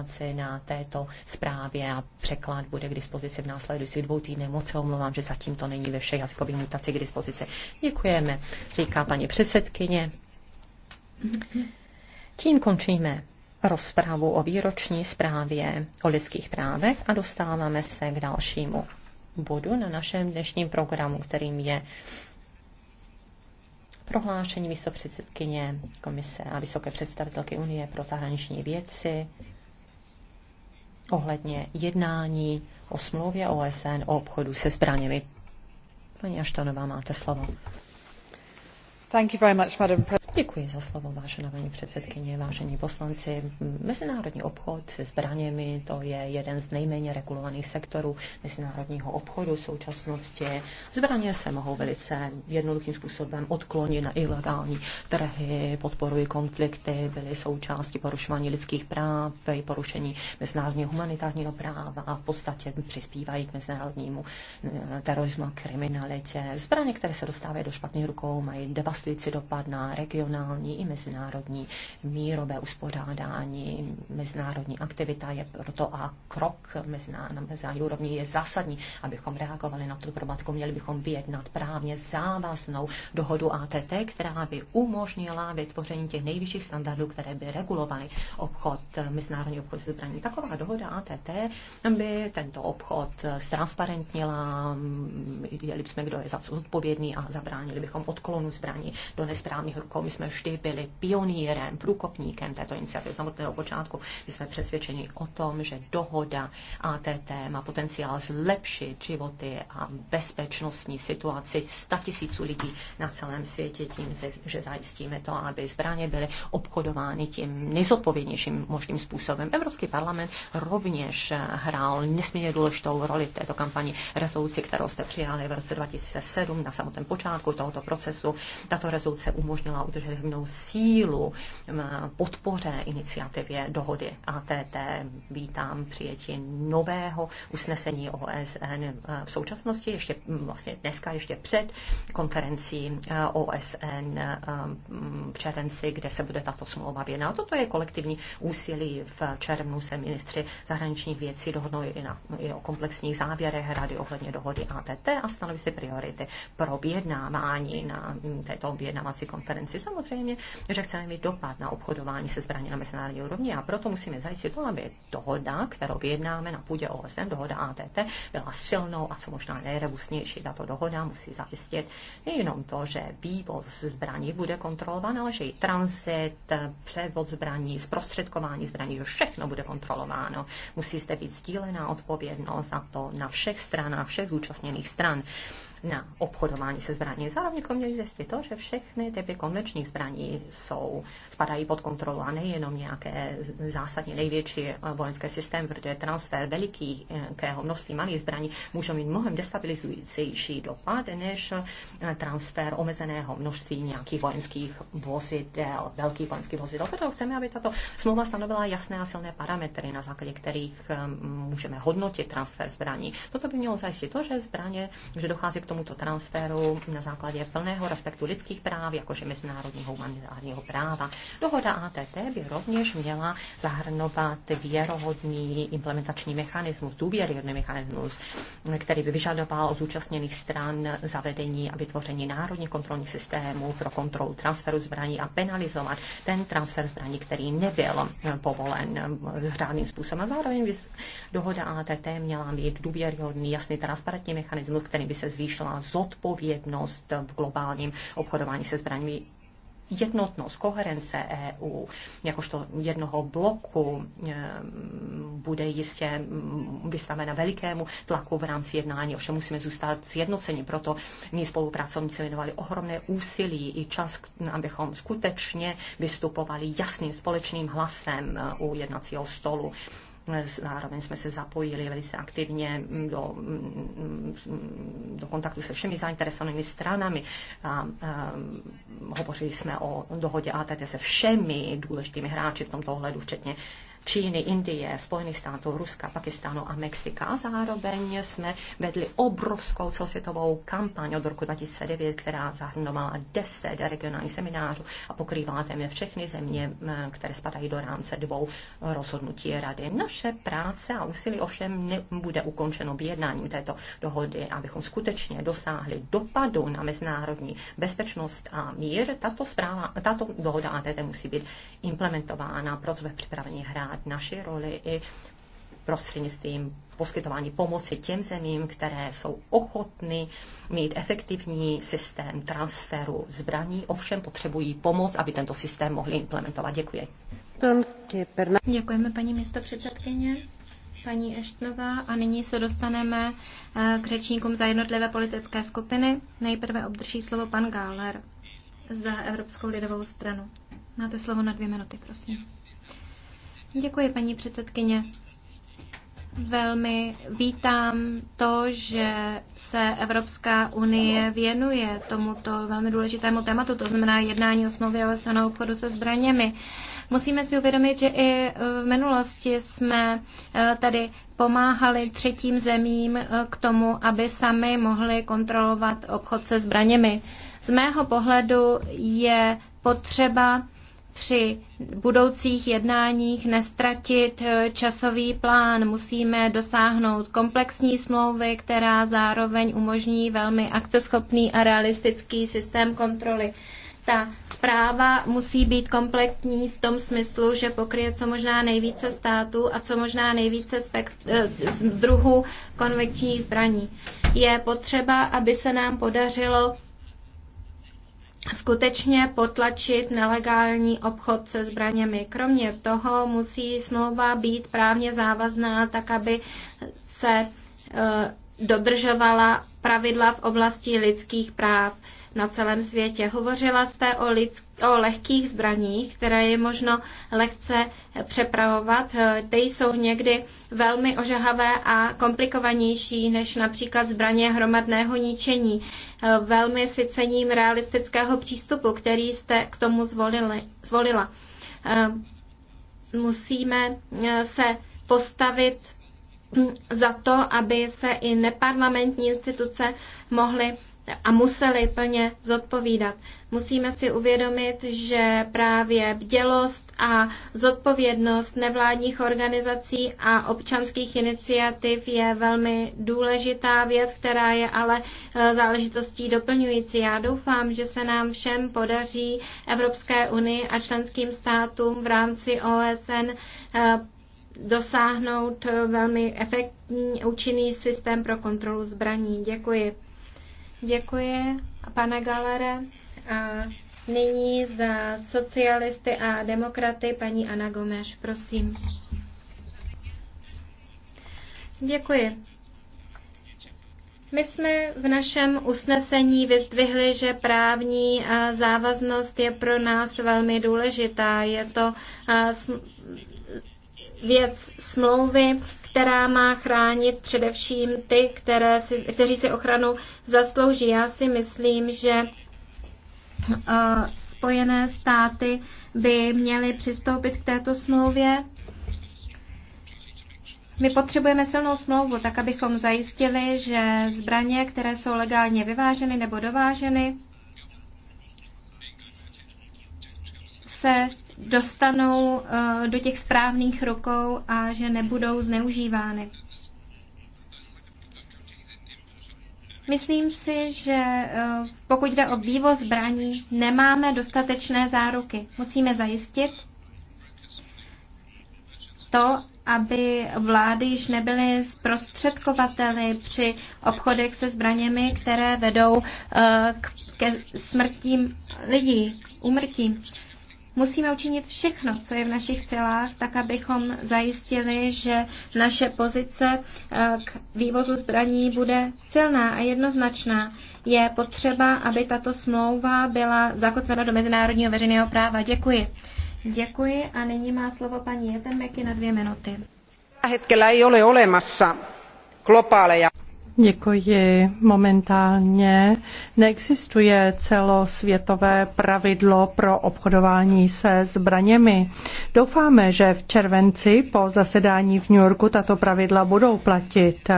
informace na této zprávě a překlad bude k dispozici v následujících dvou týdnech. Moc se omlouvám, že zatím to není ve všech jazykových mutacích k dispozici. Děkujeme, říká paní předsedkyně. Tím končíme rozpravu o výroční zprávě o lidských právech a dostáváme se k dalšímu bodu na našem dnešním programu, kterým je prohlášení místo předsedkyně Komise a vysoké představitelky Unie pro zahraniční věci ohledně jednání o smlouvě OSN o obchodu se zbraněmi. Paní Aštanová, máte slovo. Thank you very much, Madam Děkuji za slovo, vážená paní předsedkyně, vážení poslanci. Mezinárodní obchod se zbraněmi, to je jeden z nejméně regulovaných sektorů mezinárodního obchodu v současnosti. Zbraně se mohou velice jednoduchým způsobem odklonit na ilegální trhy, podporují konflikty, byly součástí porušování lidských práv, porušení mezinárodního humanitárního práva a v podstatě přispívají k mezinárodnímu eh, terorismu a kriminalitě. Zbraně, které se dostávají do špatných rukou, mají devastující dopad na region regionální i mezinárodní mírové uspořádání, mezinárodní aktivita je proto a krok mezinárodní, na mezinárodní úrovni je zásadní, abychom reagovali na tu problematiku. Měli bychom vyjednat právně závaznou dohodu ATT, která by umožnila vytvoření těch nejvyšších standardů, které by regulovaly obchod, mezinárodní obchod s zbraní. Taková dohoda ATT by tento obchod ztransparentnila, viděli bychom, kdo je za co odpovědný a zabránili bychom odklonu zbraní do nesprávných rukou jsme vždy byli pionýrem, průkopníkem této iniciativy. Samotného počátku my jsme přesvědčeni o tom, že dohoda ATT má potenciál zlepšit životy a bezpečnostní situaci tisíců lidí na celém světě tím, že zajistíme to, aby zbraně byly obchodovány tím nejzodpovědnějším možným způsobem. Evropský parlament rovněž hrál nesmírně důležitou roli v této kampani rezoluci, kterou jste přijali v roce 2007 na samotném počátku tohoto procesu. Tato rezoluce umožnila udržet nepřetržitelnou sílu eh, podpoře iniciativě dohody ATT. Vítám přijetí nového usnesení OSN eh, v současnosti, ještě mm, vlastně dneska, ještě před konferencí eh, OSN mm, v červenci, kde se bude tato smlouva věnovat. Toto je kolektivní úsilí. V červnu se ministři zahraničních věcí dohodnou i, na, i o komplexních závěrech rady ohledně dohody ATT a stanoví si priority pro vyjednávání na mm, této vyjednávací konferenci. Jsem samozřejmě, že chceme mít dopad na obchodování se zbraní na mezinárodní úrovni a proto musíme zajistit to, aby dohoda, kterou vyjednáme na půdě OSN, dohoda ATT, byla silnou a co možná nejrebusnější. Tato dohoda musí zajistit nejenom to, že vývoz zbraní bude kontrolován, ale že i transit, převod zbraní, zprostředkování zbraní, všechno bude kontrolováno. Musí zde být sdílená odpovědnost za to na všech stranách, všech zúčastněných stran na obchodování se zbraní. Zároveň měli zjistit to, že všechny typy konvenčních zbraní jsou, spadají pod kontrolu a nejenom nějaké zásadně největší vojenské systém, protože transfer velikého množství malých zbraní může mít mnohem destabilizující dopad, než transfer omezeného množství nějakých vojenských vozidel, velkých vojenských vozidel. Proto chceme, aby tato smlouva stanovila jasné a silné parametry, na základě kterých um, můžeme hodnotit transfer zbraní. Toto by mělo zajistit to, že zbraně, že dochází k tomu, tomuto transferu na základě plného respektu lidských práv, jakože mezinárodního humanitárního práva. Dohoda ATT by rovněž měla zahrnovat věrohodný implementační mechanismus, důvěryhodný mechanismus, který by vyžadoval od zúčastněných stran zavedení a vytvoření národních kontrolních systémů pro kontrolu transferu zbraní a penalizovat ten transfer zbraní, který nebyl povolen řádným způsobem. A zároveň by dohoda ATT měla mít důvěryhodný, jasný, transparentní mechanismus, který by se zvýšil vyjádřila zodpovědnost v globálním obchodování se zbraněmi jednotnost, koherence EU, jakožto jednoho bloku, ehm, bude jistě mm, vystavena velikému tlaku v rámci jednání, ovšem musíme zůstat sjednoceni, proto my spolupracovníci věnovali ohromné úsilí i čas, abychom skutečně vystupovali jasným společným hlasem eh, u jednacího stolu. Zároveň jsme se zapojili velice aktivně mm, do, mm, do kontaktu se všemi zainteresovanými stranami. A, a, hovořili jsme o dohodě ATT se všemi důležitými hráči v tomto ohledu, včetně Číny, Indie, Spojených států, Ruska, Pakistánu a Mexika. A zároveň jsme vedli obrovskou celosvětovou kampaň od roku 2009, která zahrnovala 10 regionálních seminářů a pokrývala téměř všechny země, které spadají do rámce dvou rozhodnutí rady. Naše práce a úsilí ovšem nebude ukončeno vyjednáním této dohody, abychom skutečně dosáhli dopadu na mezinárodní bezpečnost a mír. Tato, zpráva, tato dohoda ATT musí být implementována, proto jsme připraveni hrát hrát naši roli i prostřednictvím poskytování pomoci těm zemím, které jsou ochotny mít efektivní systém transferu zbraní, ovšem potřebují pomoc, aby tento systém mohli implementovat. Děkuji. Děkujeme, paní město předsedkyně. Paní Eštnová a nyní se dostaneme eh, k řečníkům za jednotlivé politické skupiny. Nejprve obdrží slovo pan Gáler za Evropskou lidovou stranu. Máte slovo na dvě minuty, prosím. Děkuji, paní předsedkyně. Velmi vítám to, že se Evropská unie věnuje tomuto velmi důležitému tématu, to znamená jednání o smlouvě o stranou obchodu se zbraněmi. Musíme si uvědomit, že i e, v minulosti jsme e, tady pomáhali třetím zemím e, k tomu, aby sami mohli kontrolovat obchod se zbraněmi. Z mého pohledu je potřeba při budoucích jednáních nestratit eh, časový plán. Musíme dosáhnout komplexní smlouvy, která zároveň umožní velmi akceschopný a realistický systém kontroly. Ta zpráva musí být kompletní v tom smyslu, že pokryje co možná nejvíce států a co možná nejvíce spekt- eh, druhů konvenčních zbraní. Je potřeba, aby se nám podařilo skutečně potlačit nelegální obchod se zbraněmi. Kromě toho musí smlouva být právně závazná, tak aby se eh, dodržovala pravidla v oblasti lidských práv na celém světě. Hovořila jste o, lidsk- o lehkých zbraních, které je možno lehce přepravovat. Ty jsou někdy velmi ožahavé a komplikovanější než například zbraně hromadného ničení. Velmi si cením realistického přístupu, který jste k tomu zvolili, zvolila. Musíme se postavit za to, aby se i neparlamentní instituce mohly a museli plně zodpovídat. Musíme si uvědomit, že právě bdělost a zodpovědnost nevládních organizací a občanských iniciativ je velmi důležitá věc, která je ale eh, záležitostí doplňující. Já doufám, že se nám všem podaří Evropské unii a členským státům v rámci OSN eh, dosáhnout eh, velmi efektní účinný systém pro kontrolu zbraní. Děkuji. Děkuji, pane Galere. A nyní za socialisty a demokraty paní Ana Gomeš, prosím. Děkuji. My jsme v našem usnesení vyzdvihli, že právní závaznost je pro nás velmi důležitá. Je to věc smlouvy která má chránit především ty, které si, kteří si ochranu zaslouží. Já si myslím, že eh, Spojené státy by měly přistoupit k této smlouvě. My potřebujeme silnou smlouvu, tak abychom zajistili, že zbraně, které jsou legálně vyváženy nebo dováženy, se dostanou eh, do těch správných rukou a že nebudou zneužívány. Myslím si, že eh, pokud jde o vývoz zbraní, nemáme dostatečné záruky. Musíme zajistit to, aby vlády již nebyly zprostředkovateli při obchodech se zbraněmi, které vedou eh, ke smrtím lidí, k úmrtím. Musíme učinit všechno, co je v našich celách, tak abychom zajistili, že naše pozice eh, k vývozu zbraní bude silná a jednoznačná. Je potřeba, aby tato smlouva byla zakotvena do mezinárodního veřejného práva. Děkuji. Děkuji a nyní má slovo paní Jetemeky na dvě minuty. Děkuji. Momentálně neexistuje celosvětové pravidlo pro obchodování se zbraněmi. Doufáme, že v červenci po zasedání v New Yorku tato pravidla budou platit.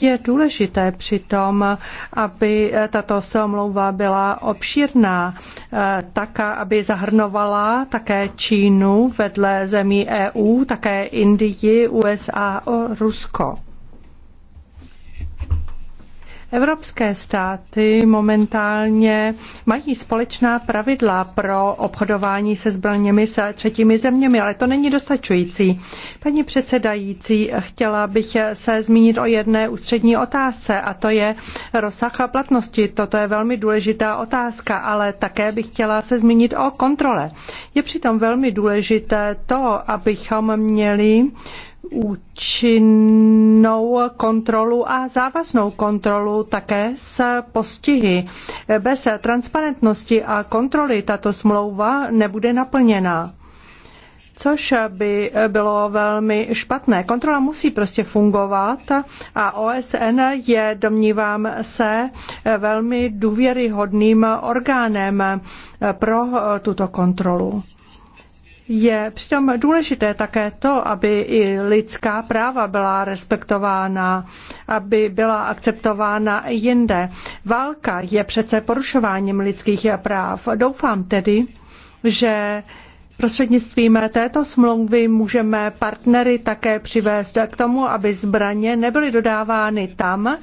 Je důležité přitom, aby tato smlouva byla obšírná, eh, tak, aby zahrnovala také Čínu vedle zemí EU, také Indii, USA a Rusko. Evropské státy momentálně mají společná pravidla pro obchodování se zbraněmi se třetími zeměmi, ale to není dostačující. Paní předsedající, chtěla bych se zmínit o jedné ústřední otázce a to je rozsah a platnosti. Toto je velmi důležitá otázka, ale také bych chtěla se zmínit o kontrole. Je přitom velmi důležité to, abychom měli účinnou kontrolu a závaznou kontrolu také s postihy. Bez transparentnosti a kontroly tato smlouva nebude naplněna což by bylo velmi špatné. Kontrola musí prostě fungovat a OSN je, domnívám se, velmi důvěryhodným orgánem pro tuto kontrolu. Je přitom důležité také to, aby i lidská práva byla respektována, aby byla akceptována jinde. Válka je přece porušováním lidských práv. Doufám tedy, že Prostřednictvím této smlouvy můžeme partnery také přivést k tomu, aby zbraně nebyly dodávány tam,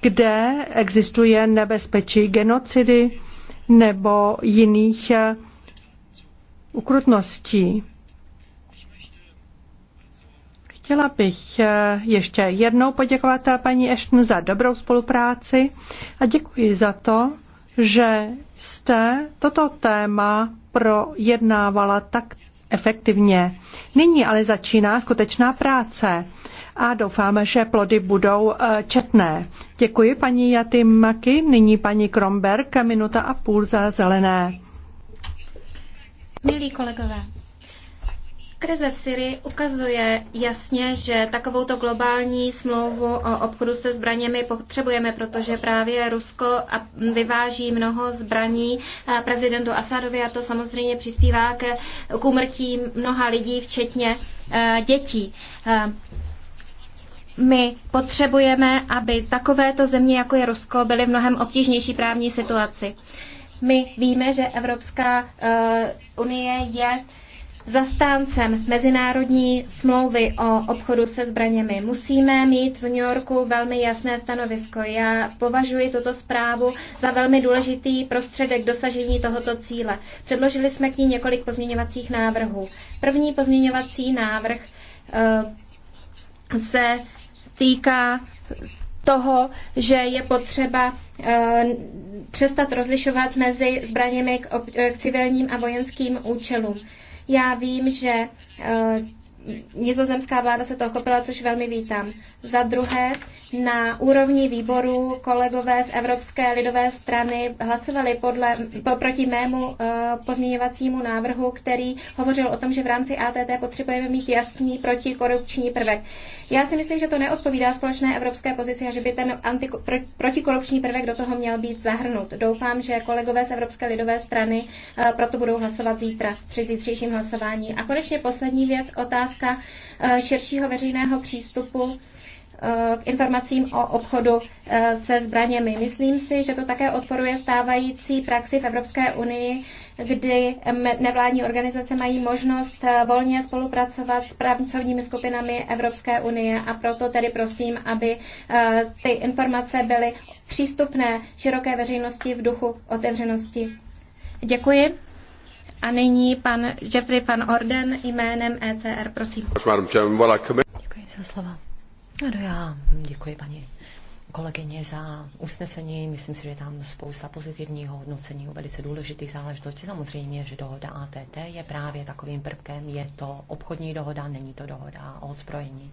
kde existuje nebezpečí genocidy nebo jiných ukrutností. Chtěla bych eh, ještě jednou poděkovat eh, paní Ashton za dobrou spolupráci a děkuji za to, že jste toto téma projednávala tak efektivně. Nyní ale začíná skutečná práce a doufáme, že plody budou eh, četné. Děkuji paní Jaty Maky, nyní paní Kromberg, minuta a půl za zelené. Milí kolegové, krize v Syrii ukazuje jasně, že takovouto globální smlouvu o obchodu se zbraněmi potřebujeme, protože právě Rusko vyváží mnoho zbraní eh, prezidentu Asadovi a to samozřejmě přispívá k, k mnoha lidí, včetně eh, dětí. Eh, my potřebujeme, aby takovéto země, jako je Rusko, byly v mnohem obtížnější právní situaci. My víme, že Evropská eh, unie je zastáncem mezinárodní smlouvy o obchodu se zbraněmi. Musíme mít v New Yorku velmi jasné stanovisko. Já považuji tuto zprávu za velmi důležitý prostředek dosažení tohoto cíle. Předložili jsme k ní několik pozměňovacích návrhů. První pozměňovací návrh eh, se týká toho, že je potřeba eh, přestat rozlišovat mezi zbraněmi eh, k civilním a vojenským účelům. Já vím, že eh, nizozemská vláda se toho chopila, což velmi vítám. Za druhé, na úrovni výboru kolegové z Evropské lidové strany hlasovali podle, po, proti mému uh, pozměňovacímu návrhu, který hovořil o tom, že v rámci ATT potřebujeme mít jasný protikorupční prvek. Já si myslím, že to neodpovídá společné evropské pozici a že by ten anti, pro, protikorupční prvek do toho měl být zahrnut. Doufám, že kolegové z Evropské lidové strany uh, proto budou hlasovat zítra při zítřejším hlasování. A konečně poslední věc, otázka otázka eh, širšího veřejného přístupu eh, k informacím o obchodu eh, se zbraněmi. Myslím si, že to také odporuje stávající praxi v Evropské unii, kdy nevládní organizace mají možnost volně spolupracovat s pracovními skupinami Evropské unie a proto tedy prosím, aby ty informace byly přístupné široké veřejnosti v duchu otevřenosti. Děkuji. A nyní pan Jeffrey Van Orden jménem ECR, prosím. Děkuji za slova. No, no já děkuji paní kolegyně za usnesení. Myslím si, že je tam spousta pozitivního hodnocení o velice důležitých záležitostí. Samozřejmě, že dohoda ATT je právě takovým prvkem. Je to obchodní dohoda, není to dohoda o odzbrojení.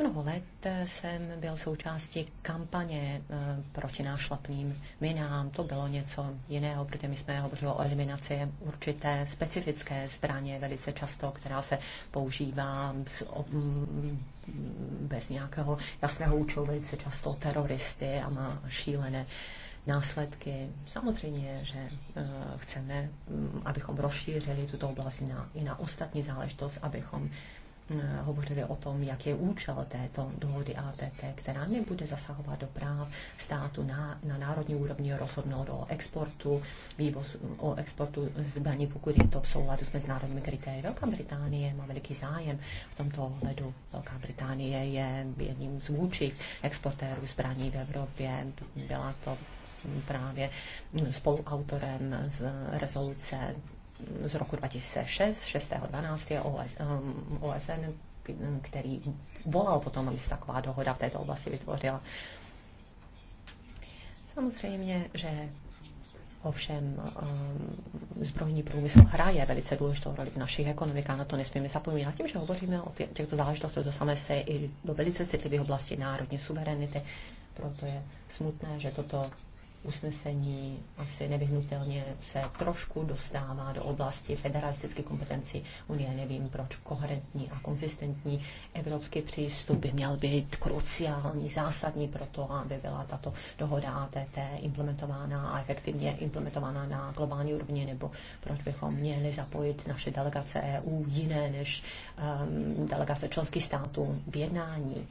Mnoho let jsem byl součástí kampaně eh, proti nášlapným minám. To bylo něco jiného, protože my jsme hovořili o eliminaci určité specifické zbraně, velice často, která se používá mm, bez nějakého jasného účelu, velice často teroristy a má šílené následky. Samozřejmě, že eh, chceme, mm, abychom rozšířili tuto oblast na, i na ostatní záležitost, abychom Eh, hovořili o tom, jak je účel této dohody ATT, která nebude zasahovat do práv státu na, na národní úrovni rozhodnout o exportu, vývoz, o exportu zbraní, pokud je to v souladu s mezinárodními kritérii. Velká Británie má veliký zájem v tomto ohledu. Velká Británie je jedním z vůči exportérů zbraní v Evropě. Byla to právě spoluautorem z rezoluce z roku 2006, 6.12. OSN, který volal potom, aby se taková dohoda v této oblasti vytvořila. Samozřejmě, že Ovšem um, zbrojní průmysl hraje velice důležitou roli v našich ekonomikách, na to nesmíme zapomínat. Tím, že hovoříme o těchto záležitostech, samé se i do velice citlivých oblasti národní suverenity, proto je smutné, že toto usnesení asi nevyhnutelně se trošku dostává do oblasti federalistické kompetenci Unie. Nevím, proč koherentní a konzistentní evropský přístup by měl být kruciální, zásadní pro to, aby byla tato dohoda ATT implementována a efektivně implementována na globální úrovni, nebo proč bychom měli zapojit naše delegace EU jiné než um, delegace členských států v jednání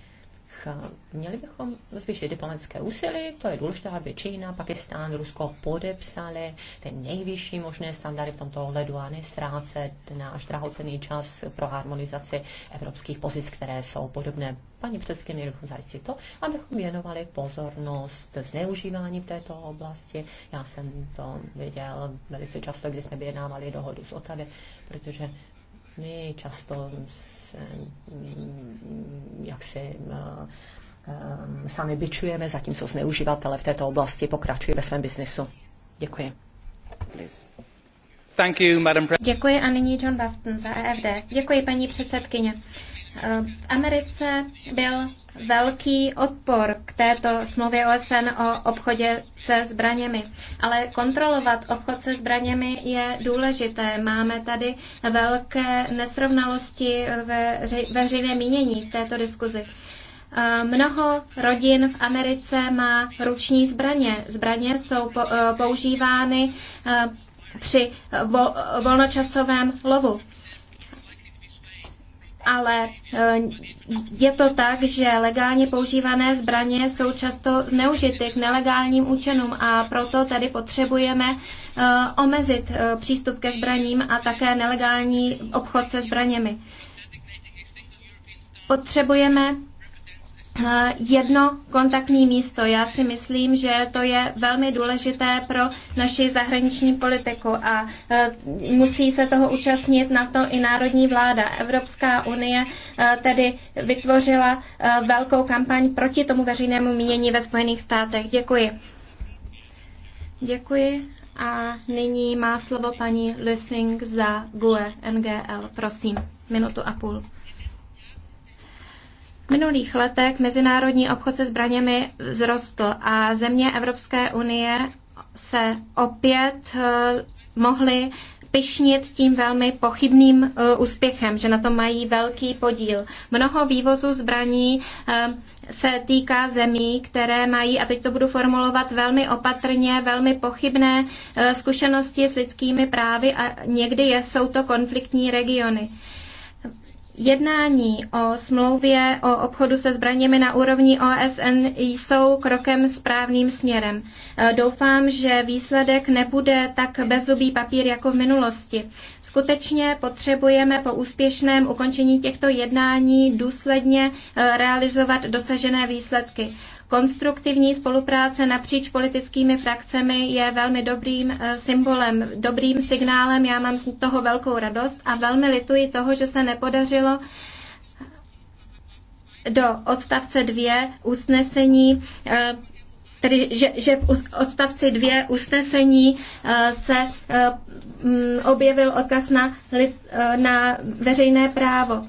Eh, měli bychom zvýšit diplomatické úsilí, to je důležité, aby Čína, Pakistán, Rusko podepsali ty nejvyšší možné standardy v tomto ohledu a nestrácet náš drahocený čas pro harmonizaci evropských pozic, které jsou podobné. Paní předsedkyně, měli bychom zajistit to, abychom věnovali pozornost zneužívání v této oblasti. Já jsem to viděl velice často, když jsme vyjednávali dohodu s Otavy, protože my často se, mm, jak si mm, mm, sami byčujeme, zatímco zneuživatele v této oblasti pokračují ve svém biznesu. Děkuji. Thank you, Madam Děkuji a nyní John Bafton za EFD. Děkuji, paní předsedkyně v Americe byl velký odpor k této smlouvě OSN o obchodě se zbraněmi. Ale kontrolovat obchod se zbraněmi je důležité. Máme tady velké nesrovnalosti ve veřejné mínění v této diskuzi. Mnoho rodin v Americe má ruční zbraně. Zbraně jsou používány při volnočasovém lovu ale eh, je to tak, že legálně používané zbraně jsou často zneužity k nelegálním účinům a proto tady potřebujeme eh, omezit eh, přístup ke zbraním a také nelegální obchod se zbraněmi. Potřebujeme Eh, jedno kontaktní místo. Já si myslím, že to je velmi důležité pro naši zahraniční politiku a eh, musí se toho účastnit na to i národní vláda. Evropská unie eh, tedy vytvořila velkou kampaň proti tomu veřejnému mínění ve Spojených státech. Děkuji. Děkuji. A nyní má slovo paní Lysing za GUE NGL. Prosím, minutu a půl minulých letech mezinárodní obchod se zbraněmi vzrostl a země Evropské unie se opět eh, mohly pyšnit tím velmi pochybným eh, úspěchem, že na to mají velký podíl. Mnoho vývozu zbraní eh, se týká zemí, které mají, a teď to budu formulovat velmi opatrně, velmi pochybné zkušenosti s lidskými právy a někdy jsou to konfliktní regiony. Jednání o smlouvě o obchodu se zbraněmi na úrovni OSN jsou krokem správným směrem. E, doufám, že výsledek nebude tak bezubý papír jako v minulosti. Skutečně potřebujeme po úspěšném ukončení těchto jednání důsledně e, realizovat dosažené výsledky. Konstruktivní spolupráce napříč politickými frakcemi je velmi dobrým eh, symbolem, dobrým signálem. Já mám z toho velkou radost a velmi lituji toho, že se nepodařilo do odstavce dvě usnesení eh, tedy že, že v odstavci dvě usnesení eh, se objevil odkaz na, na veřejné právo.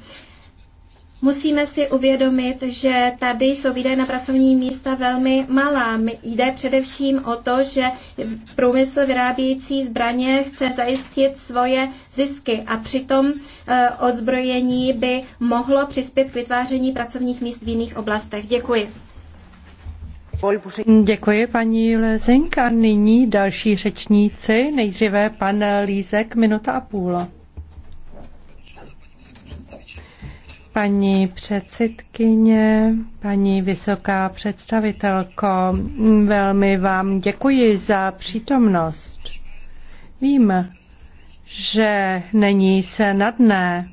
Musíme si uvědomit, že tady jsou výdaje na pracovní místa velmi malá. Jde především o to, že průmysl vyrábějící zbraně chce zajistit svoje zisky a přitom e, odzbrojení by mohlo přispět k vytváření pracovních míst v jiných oblastech. Děkuji. Děkuji paní Lezink a nyní další řečníci. Nejdříve pan Lízek, minuta a půl. paní předsedkyně, paní vysoká představitelko. Velmi vám děkuji za přítomnost. Vím, že není snadné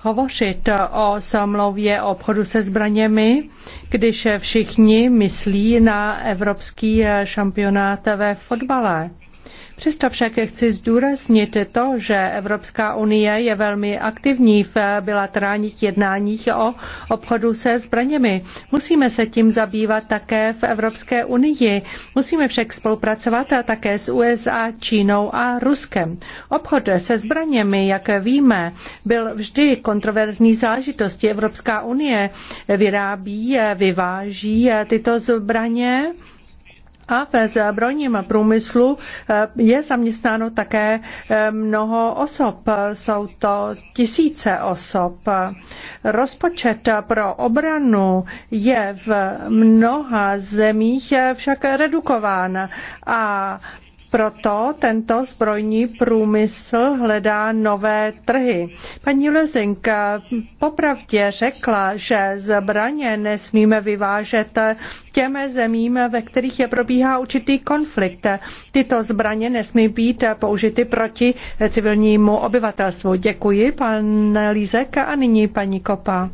hovořit o samlouvě o obchodu se zbraněmi, když všichni myslí na evropský šampionát ve fotbale. Přesto však chci zdůraznit to, že Evropská unie je velmi aktivní v bilaterálních jednáních o obchodu se zbraněmi. Musíme se tím zabývat také v Evropské unii. Musíme však spolupracovat také s USA, Čínou a Ruskem. Obchod se zbraněmi, jak víme, byl vždy kontroverzní záležitostí. Evropská unie vyrábí, vyváží tyto zbraně a ve zbrojním průmyslu eh, je zaměstnáno také eh, mnoho osob. Jsou to tisíce osob. Rozpočet pro obranu je v mnoha zemích eh, však redukován a proto tento zbrojní průmysl hledá nové trhy. Paní Lezink popravdě řekla, že zbraně nesmíme vyvážet těm zemím, ve kterých je probíhá určitý konflikt. Tyto zbraně nesmí být použity proti civilnímu obyvatelstvu. Děkuji, pan Lízek a nyní paní Kopa.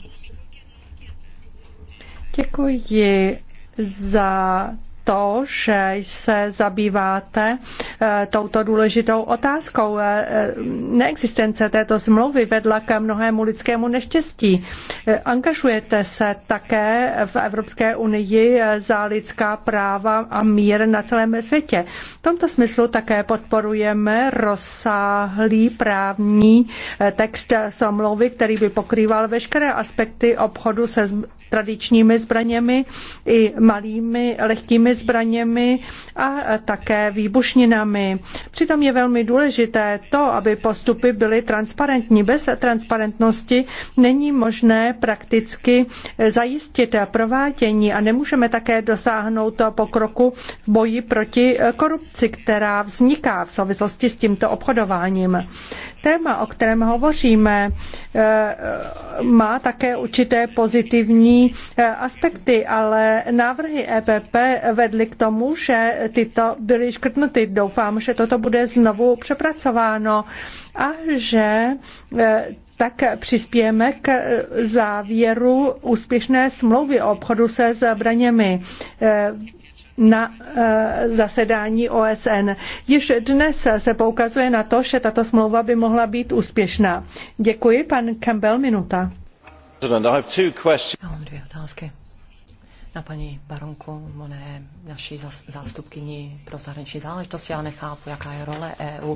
Děkuji za to, že se zabýváte eh, touto důležitou otázkou. Eh, eh, neexistence této smlouvy vedla k mnohému lidskému neštěstí. Angažujete se také v Evropské unii za lidská práva a mír na celém světě. V tomto smyslu také podporujeme rozsáhlý právní text smlouvy, který by pokrýval veškeré aspekty obchodu se tradičními zbraněmi, i malými lehkými zbraněmi a také výbušninami. Přitom je velmi důležité to, aby postupy byly transparentní. Bez transparentnosti není možné prakticky zajistit provádění a nemůžeme také dosáhnout pokroku v boji proti korupci, která vzniká v souvislosti s tímto obchodováním. Téma, o kterém hovoříme, eh, má také určité pozitivní eh, aspekty, ale návrhy EPP vedly k tomu, že tyto byly škrtnuty. Doufám, že toto bude znovu přepracováno a že eh, tak přispějeme k závěru úspěšné smlouvy o obchodu se zbraněmi na eh, zasedání OSN. Již dnes se poukazuje na to, že tato smlouva by mohla být úspěšná. Děkuji, pan Campbell, minuta. Já mám dvě otázky na paní baronku Moné, naší zástupkyni pro zahraniční záležitosti. Já nechápu, jaká je role EU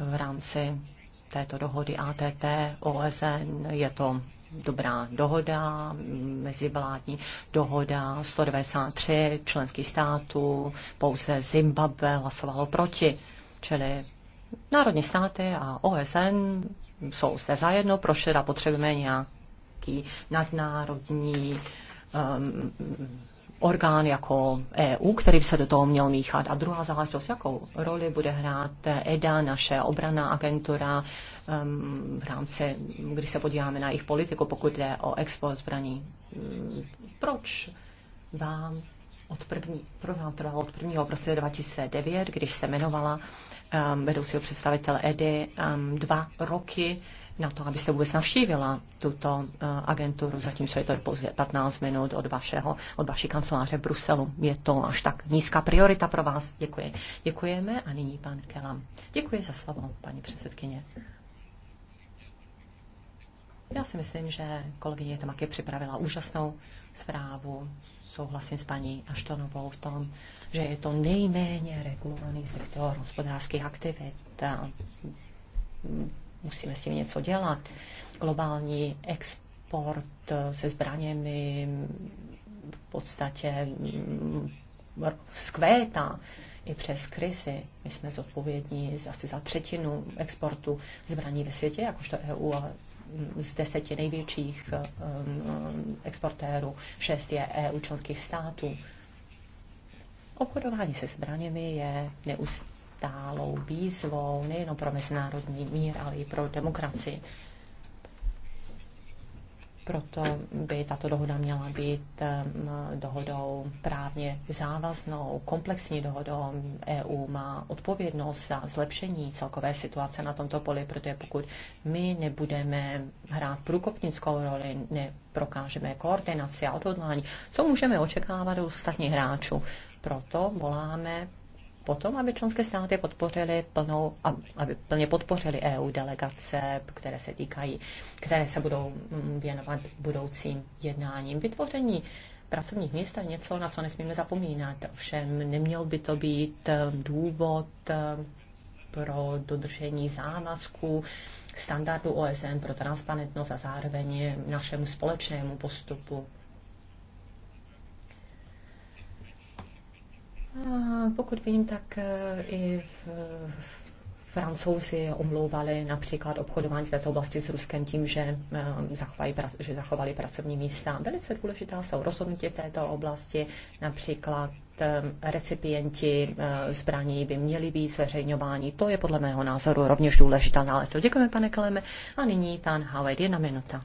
v rámci této dohody ATT, OSN. Je to dobrá dohoda, mezivládní dohoda 193 členských států, pouze Zimbabwe hlasovalo proti, čili národní státy a OSN jsou zde zajedno, proč teda potřebujeme nějaký nadnárodní um, orgán jako EU, který by se do toho měl míchat. A druhá záležitost, jakou roli bude hrát EDA, naše obraná agentura um, v rámci, když se podíváme na jejich politiku, pokud jde o export zbraní. Mm, proč vám od první, pro vám trvalo od 1. prosince 2009, když se jmenovala um, vedoucího představitele EDY, um, dva roky na to, abyste vůbec navštívila tuto eh, agenturu, zatímco je to pouze 15 minut od, vašeho, od vaší kanceláře v Bruselu. Je to až tak nízká priorita pro vás. Děkuji. Děkujeme a nyní pan Kelam. Děkuji za slovo, paní předsedkyně. Já si myslím, že kolegyně Tamaky připravila úžasnou zprávu. Souhlasím s paní Aštonovou v tom, že je to nejméně regulovaný sektor hospodářských aktivit musíme s tím něco dělat. Globální export eh, se zbraněmi v podstatě mm, zkvétá i přes krizi. My jsme zodpovědní asi za třetinu exportu zbraní ve světě, jakožto EU a mm, z deseti největších eh, mm, exportérů, šest je EU členských států. Obchodování se zbraněmi je neustále stálou výzvou nejen pro mezinárodní mír, ale i pro demokracii. Proto by tato dohoda měla být dohodou právně závaznou, komplexní dohodou. EU má odpovědnost za zlepšení celkové situace na tomto poli, protože pokud my nebudeme hrát průkopnickou roli, neprokážeme koordinaci a odhodlání, co můžeme očekávat od ostatních hráčů. Proto voláme potom, aby členské státy podpořily plnou, aby plně podpořili EU delegace, které se týkají, které se budou mm, věnovat budoucím jednáním. Vytvoření pracovních míst je něco, na co nesmíme zapomínat. Ovšem neměl by to být eh, důvod eh, pro dodržení závazků, standardu OSN pro transparentnost a zároveň našemu společnému postupu Eh, pokud vím, tak eh, i v Francouzi omlouvali například obchodování v této oblasti s Ruskem tím, že, eh, zachovali, že zachovali pracovní místa. Velice důležitá jsou rozhodnutí v této oblasti, například recipienti zbraní by měli být zveřejňováni. To je podle mého názoru rovněž důležitá záležitost. Děkujeme, pane Kaleme. A nyní pan Howard, jedna minuta.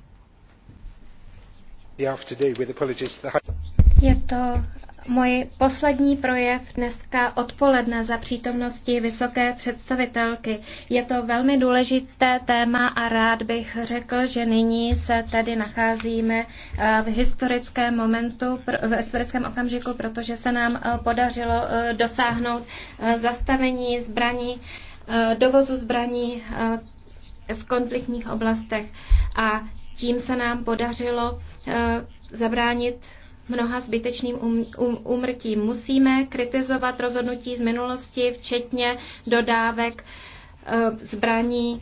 Je to můj poslední projev dneska odpoledne za přítomnosti vysoké představitelky. Je to velmi důležité téma a rád bych řekl, že nyní se tady nacházíme eh, v historickém momentu, v historickém okamžiku, protože se nám eh, podařilo eh, dosáhnout zastavení zbraní, dovozu zbraní v konfliktních oblastech a tím se nám podařilo zabránit mnoha zbytečným úmrtím. Um, um, Musíme kritizovat rozhodnutí z minulosti, včetně dodávek e, zbraní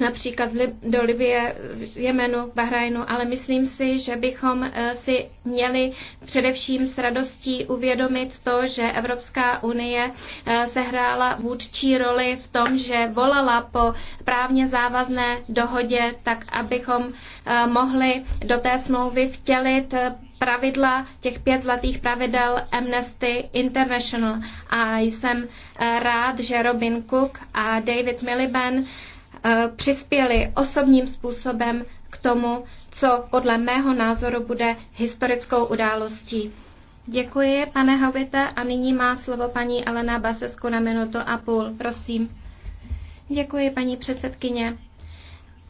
například do Libie, Jemenu, Bahrajnu, ale myslím si, že bychom eh, si měli především s radostí uvědomit to, že Evropská unie eh, sehrála vůdčí roli v tom, že volala po právně závazné dohodě, tak abychom eh, mohli do té smlouvy vtělit pravidla, těch pět zlatých pravidel Amnesty International. A jsem rád, že Robin Cook a David Miliband Eh, přispěli osobním způsobem k tomu, co podle mého názoru bude historickou událostí. Děkuji, pane Havite, a nyní má slovo paní Elena Basesku na minutu a půl. Prosím. Děkuji, paní předsedkyně.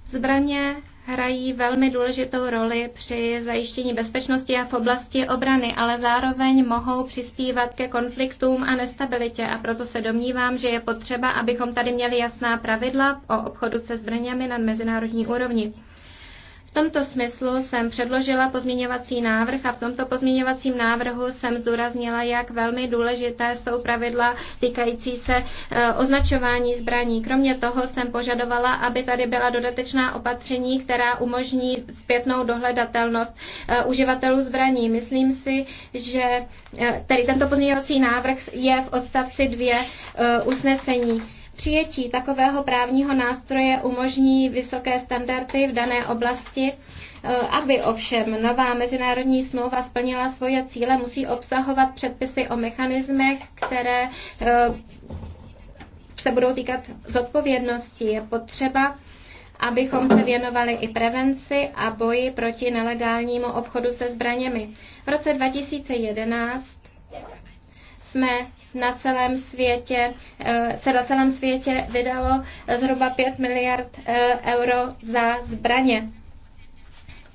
Zbraně hrají velmi důležitou roli při zajištění bezpečnosti a v oblasti obrany, ale zároveň mohou přispívat ke konfliktům a nestabilitě. A proto se domnívám, že je potřeba, abychom tady měli jasná pravidla o obchodu se zbraněmi na mezinárodní úrovni tomto smyslu jsem předložila pozměňovací návrh a v tomto pozměňovacím návrhu jsem zdůraznila, jak velmi důležité jsou pravidla týkající se e, označování zbraní. Kromě toho jsem požadovala, aby tady byla dodatečná opatření, která umožní zpětnou dohledatelnost e, uživatelů zbraní. Myslím si, že e, tady tento pozměňovací návrh je v odstavci dvě usnesení Přijetí takového právního nástroje umožní vysoké standardy v dané oblasti. E, aby ovšem nová mezinárodní smlouva splnila svoje cíle, musí obsahovat předpisy o mechanismech, které e, se budou týkat zodpovědnosti. Je potřeba abychom se věnovali i prevenci a boji proti nelegálnímu obchodu se zbraněmi. V roce 2011 jsme na celém světě, eh, se na celém světě vydalo zhruba 5 miliard eh, euro za zbraně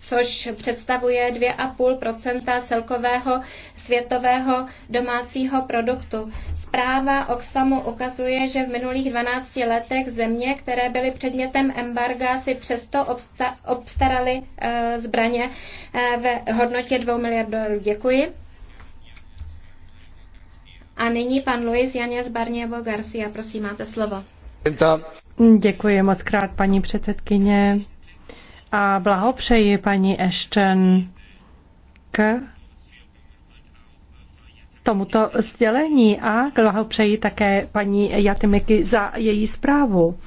což představuje 2,5 celkového světového domácího produktu. Zpráva Oxfamu ukazuje, že v minulých 12 letech země, které byly předmětem embarga, si přesto obsta- obstaraly e, zbraně e, ve hodnotě 2 miliard dolarů. Děkuji. A nyní pan Luis Janěz Barniebo Garcia, prosím, máte slovo. Děkuji moc krát, paní předsedkyně. A blahopřeji paní Ashton k tomuto sdělení a blahopřeji také paní Jatimiky za její zprávu.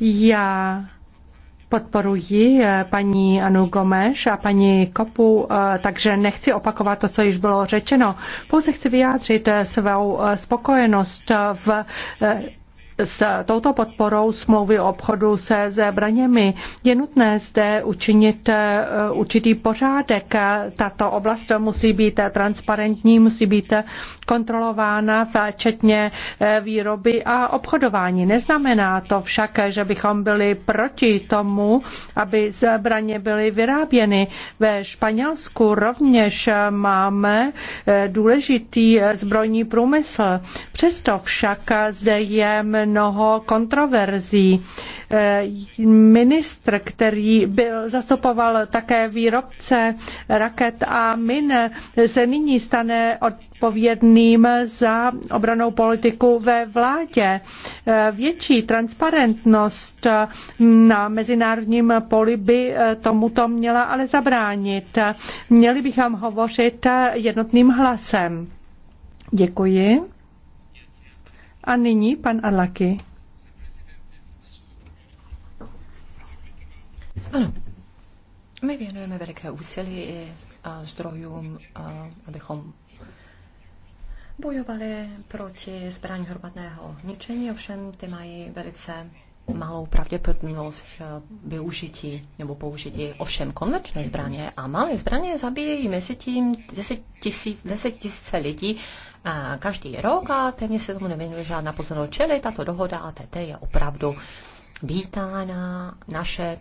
Já Podporuji eh, paní Anu Gomeš a paní Kopu, eh, takže nechci opakovat to, co již bylo řečeno. Pouze chci vyjádřit eh, svou spokojenost v s touto podporou smlouvy o obchodu se zbraněmi je nutné zde učinit eh, určitý pořádek. Tato oblast musí být transparentní, musí být kontrolována, včetně eh, výroby a obchodování. Neznamená to však, že bychom byli proti tomu, aby zbraně byly vyráběny. Ve Španělsku rovněž máme eh, důležitý zbrojní průmysl. Přesto však zde je mnoho kontroverzí. Eh, ministr, který byl, zastupoval také výrobce raket a min, se nyní stane od odpovědným za obranou politiku ve vládě. Eh, větší transparentnost na mezinárodním poli by eh, tomuto měla ale zabránit. Měli bychom hovořit jednotným hlasem. Děkuji. A nyní pan Alaki. Ano. My věnujeme veliké úsilí i zdrojům, abychom bojovali proti zbraní hromadného ničení, ovšem ty mají velice malou pravděpodobnost využití nebo použití ovšem konvenční zbraně a malé zbraně zabíjejí mezi tím 10 tisíc, 10 tisíce lidí každý rok a téměř se tomu nevěnuje žádná pozornost. Čili tato dohoda ATT je opravdu vítána. Naše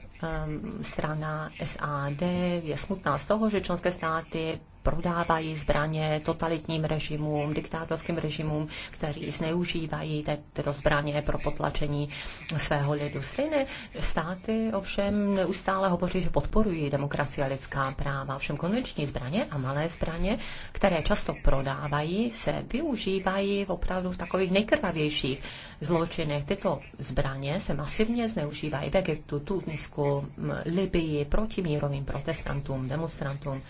um, strana SAD je smutná z toho, že členské státy prodávají zbraně totalitním režimům, diktátorským režimům, kteří zneužívají tyto zbraně pro potlačení svého lidu. Stejné státy ovšem neustále hovoří, že podporují demokracii a lidská práva. Ovšem konvenční zbraně a malé zbraně, které často prodávají, se využívají v opravdu v takových nejkrvavějších zločinech. Tyto zbraně se masivně zneužívají v Egyptu, Tunisku, Libii proti mírovým protestantům, demonstrantům.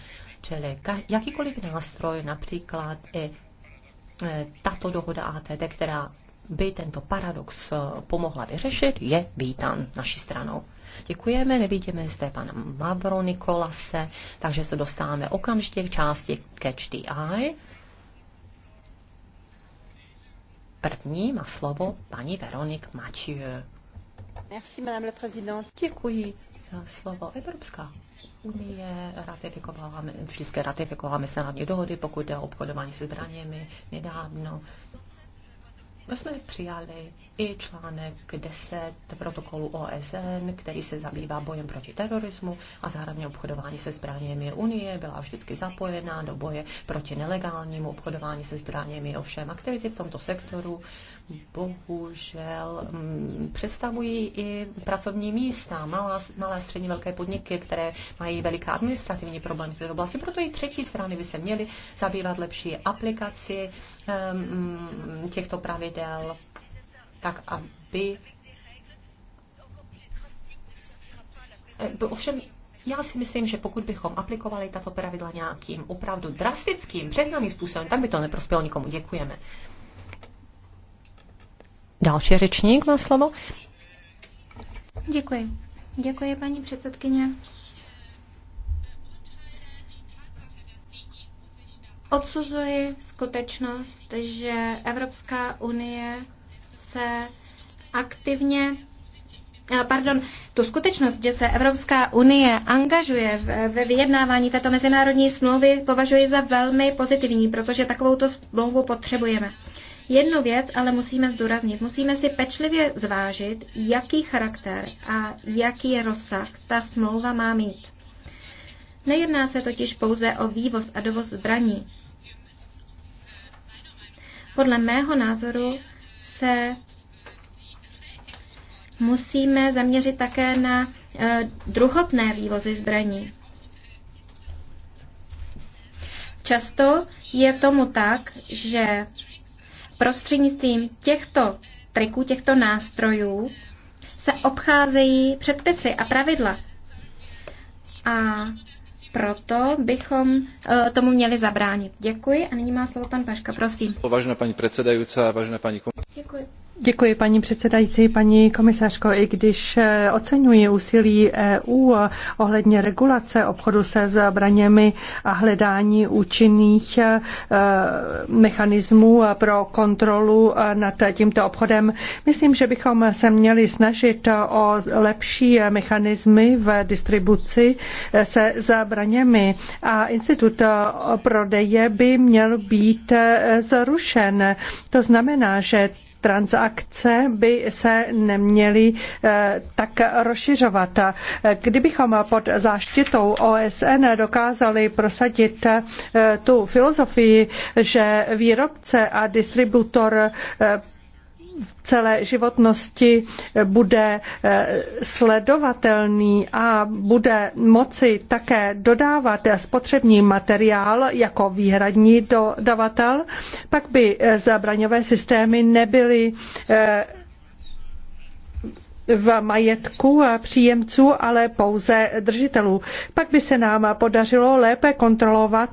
Čili jakýkoliv nástroj, například i e, tato dohoda ATT, která by tento paradox e, pomohla vyřešit, je vítán naší stranou. Děkujeme, nevidíme zde pana Mavro Nikolase, takže se dostáváme okamžitě k části Catch the Eye. První má slovo paní Veronik Mathieu. Merci, madame la Děkuji, slovo. Evropská unie ratifikovala, vždycky ratifikovala mezinárodní dohody, pokud jde o obchodování se zbraněmi nedávno. My jsme přijali i článek 10 protokolu OSN, který se zabývá bojem proti terorismu a zároveň obchodování se zbraněmi. Unie byla vždycky zapojená do boje proti nelegálnímu obchodování se zbraněmi. Ovšem aktivity v tomto sektoru bohužel mm, představují i pracovní místa, malá, malé, střední, velké podniky, které mají veliká administrativní problémy v této oblasti. Proto i třetí strany by se měly zabývat lepší aplikaci um, těchto pravidel, tak aby. Eh, ovšem, já si myslím, že pokud bychom aplikovali tato pravidla nějakým opravdu drastickým, přehnaným způsobem, tak by to neprospělo nikomu. Děkujeme. Další řečník má slovo. Děkuji. Děkuji, paní předsedkyně. Odsuzuji skutečnost, že Evropská unie se aktivně eh, Pardon, tu skutečnost, že se Evropská unie angažuje ve vyjednávání této mezinárodní smlouvy, považuji za velmi pozitivní, protože takovouto smlouvu potřebujeme. Jednu věc ale musíme zdůraznit. Musíme si pečlivě zvážit, jaký charakter a jaký rozsah ta smlouva má mít. Nejedná se totiž pouze o vývoz a dovoz zbraní. Podle mého názoru se musíme zaměřit také na e, druhotné vývozy zbraní. Často je tomu tak, že prostřednictvím těchto triků, těchto nástrojů se obcházejí předpisy a pravidla. A proto bychom eh, tomu měli zabránit. Děkuji a nyní má slovo pan Paška, prosím. Vážená paní předsedající, vážená paní komisařka. Děkuji. Děkuji, paní předsedající, paní komisařko. I když eh, oceňuji úsilí EU ohledně regulace obchodu se zbraněmi a hledání účinných eh, mechanismů pro kontrolu eh, nad tímto obchodem, myslím, že bychom se měli snažit o lepší mechanismy v distribuci se zbraněmi a institut prodeje by měl být zrušen. To znamená, že transakce by se neměly eh, tak rozšiřovat. Kdybychom pod záštitou OSN dokázali prosadit eh, tu filozofii, že výrobce a distributor eh, celé životnosti bude eh, sledovatelný a bude moci také dodávat spotřební materiál jako výhradní dodavatel, pak by eh, zbraňové systémy nebyly eh, v majetku příjemců, ale pouze držitelů. Pak by se nám podařilo lépe kontrolovat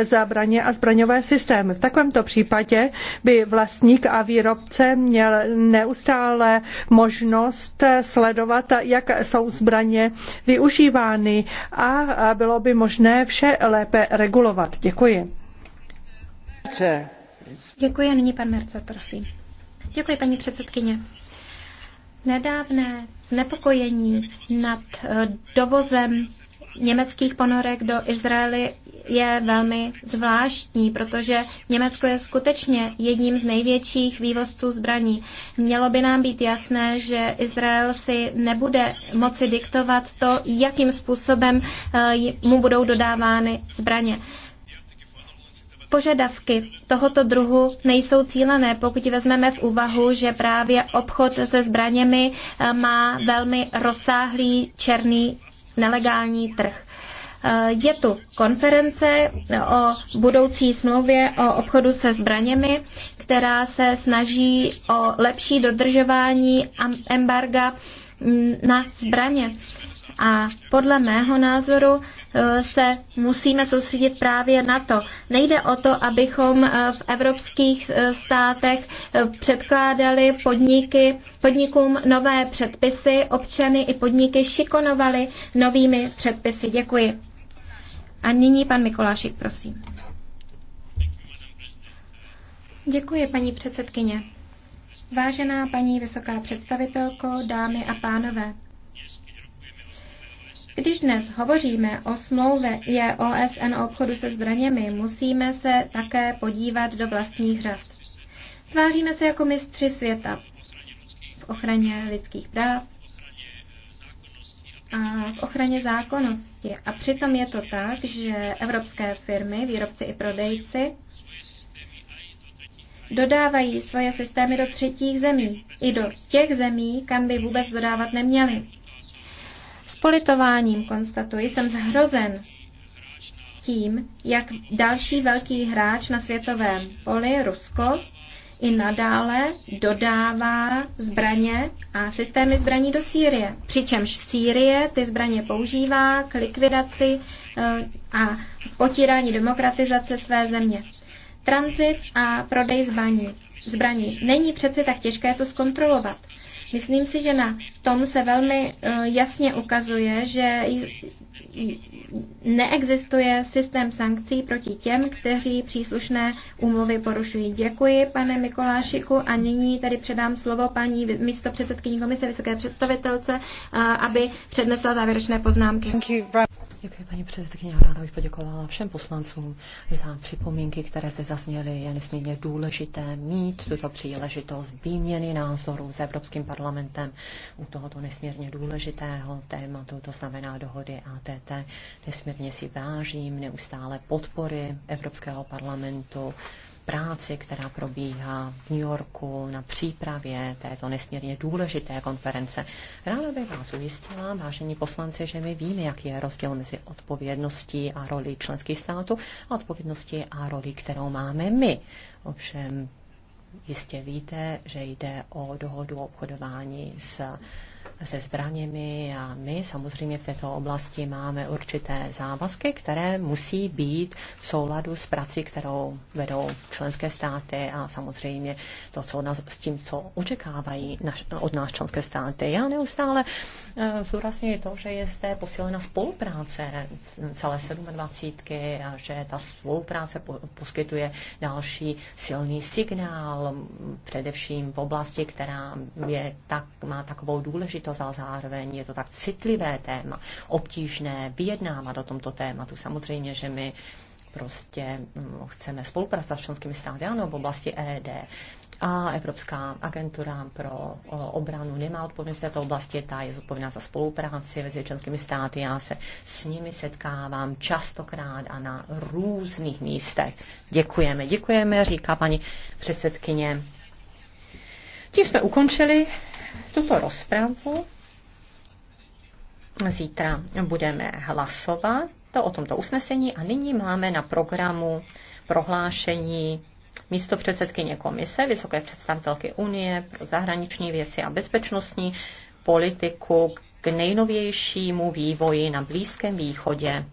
zábraně a zbraňové systémy. V takovémto případě by vlastník a výrobce měl neustále možnost sledovat, jak jsou zbraně využívány a bylo by možné vše lépe regulovat. Děkuji. Děkuji, nyní pan Mercer, prosím. Děkuji, paní předsedkyně nedávné znepokojení nad eh, dovozem německých ponorek do Izraeli je velmi zvláštní, protože Německo je skutečně jedním z největších vývozců zbraní. Mělo by nám být jasné, že Izrael si nebude moci diktovat to, jakým způsobem eh, mu budou dodávány zbraně. Požadavky tohoto druhu nejsou cílené, pokud vezmeme v úvahu, že právě obchod se zbraněmi eh, má velmi rozsáhlý černý nelegální trh. Eh, je tu konference eh, o budoucí smlouvě o obchodu se zbraněmi, která se snaží o lepší dodržování embarga mm, na zbraně. A podle mého názoru eh, se musíme soustředit právě na to. Nejde o to, abychom eh, v evropských eh, státech předkládali podniky, podnikům nové předpisy, občany i podniky šikonovali novými předpisy. Děkuji. A nyní pan Mikolášik, prosím. Děkuji, paní předsedkyně. Vážená paní vysoká představitelko, dámy a pánové, když dnes hovoříme o smlouvě je OSN o obchodu se zbraněmi, musíme se také podívat do vlastních řad. Tváříme se jako mistři světa v ochraně lidských práv a v ochraně zákonnosti. A přitom je to tak, že evropské firmy, výrobci i prodejci, dodávají svoje systémy do třetích zemí, i do těch zemí, kam by vůbec dodávat neměli. S politováním konstatuji, jsem zhrozen tím, jak další velký hráč na světovém poli, Rusko, i nadále dodává zbraně a systémy zbraní do Sýrie. Přičemž Sýrie ty zbraně používá k likvidaci eh, a potírání demokratizace své země. transit a prodej zbraní. zbraní. Není přece tak těžké to zkontrolovat. Myslím si, že na tom se velmi eh, jasně ukazuje, že neexistuje systém sankcí proti těm, kteří příslušné úmluvy porušují. Děkuji, pane Mikolášiku, a nyní tady předám slovo paní místopředsedkyni komise Vysoké představitelce, eh, aby přednesla závěrečné poznámky. Děkuji, paní předsedkyně. Já ráda bych poděkovala všem poslancům za připomínky, které zde zazněly. Je nesmírně důležité mít tuto příležitost výměny názorů s Evropským parlamentem u tohoto nesmírně důležitého tématu, to znamená dohody ATT. Nesmírně si vážím neustále podpory Evropského parlamentu práci, která probíhá v New Yorku na přípravě této nesmírně důležité konference. Ráda bych vás ujistila, vážení poslanci, že my víme, jaký je rozdíl mezi odpovědností a roli členských států a odpovědností a roli, kterou máme my. Ovšem, jistě víte, že jde o dohodu o obchodování s se zbraněmi a my samozřejmě v této oblasti máme určité závazky, které musí být v souladu s prací, kterou vedou členské státy a samozřejmě to, co nás, s tím, co očekávají naš, od nás členské státy. Já neustále eh, zúraznuju to, že je zde posílena spolupráce celé 27 a že ta spolupráce poskytuje další silný signál, především v oblasti, která je tak, má takovou důležitost ukázal zároveň, je to tak citlivé téma, obtížné vyjednávat o tomto tématu. Samozřejmě, že my prostě mm, chceme spolupracovat s členskými státy, ano, v oblasti ED. A Evropská agentura pro obranu nemá odpovědnost v této oblasti, ta je zodpovědná za spolupráci mezi členskými státy. Já se s nimi setkávám častokrát a na různých místech. Děkujeme, děkujeme, říká paní předsedkyně. Tím jsme ukončili tuto rozpravu zítra budeme hlasovat to o tomto usnesení a nyní máme na programu prohlášení místo předsedkyně komise Vysoké představitelky Unie pro zahraniční věci a bezpečnostní politiku k nejnovějšímu vývoji na Blízkém východě.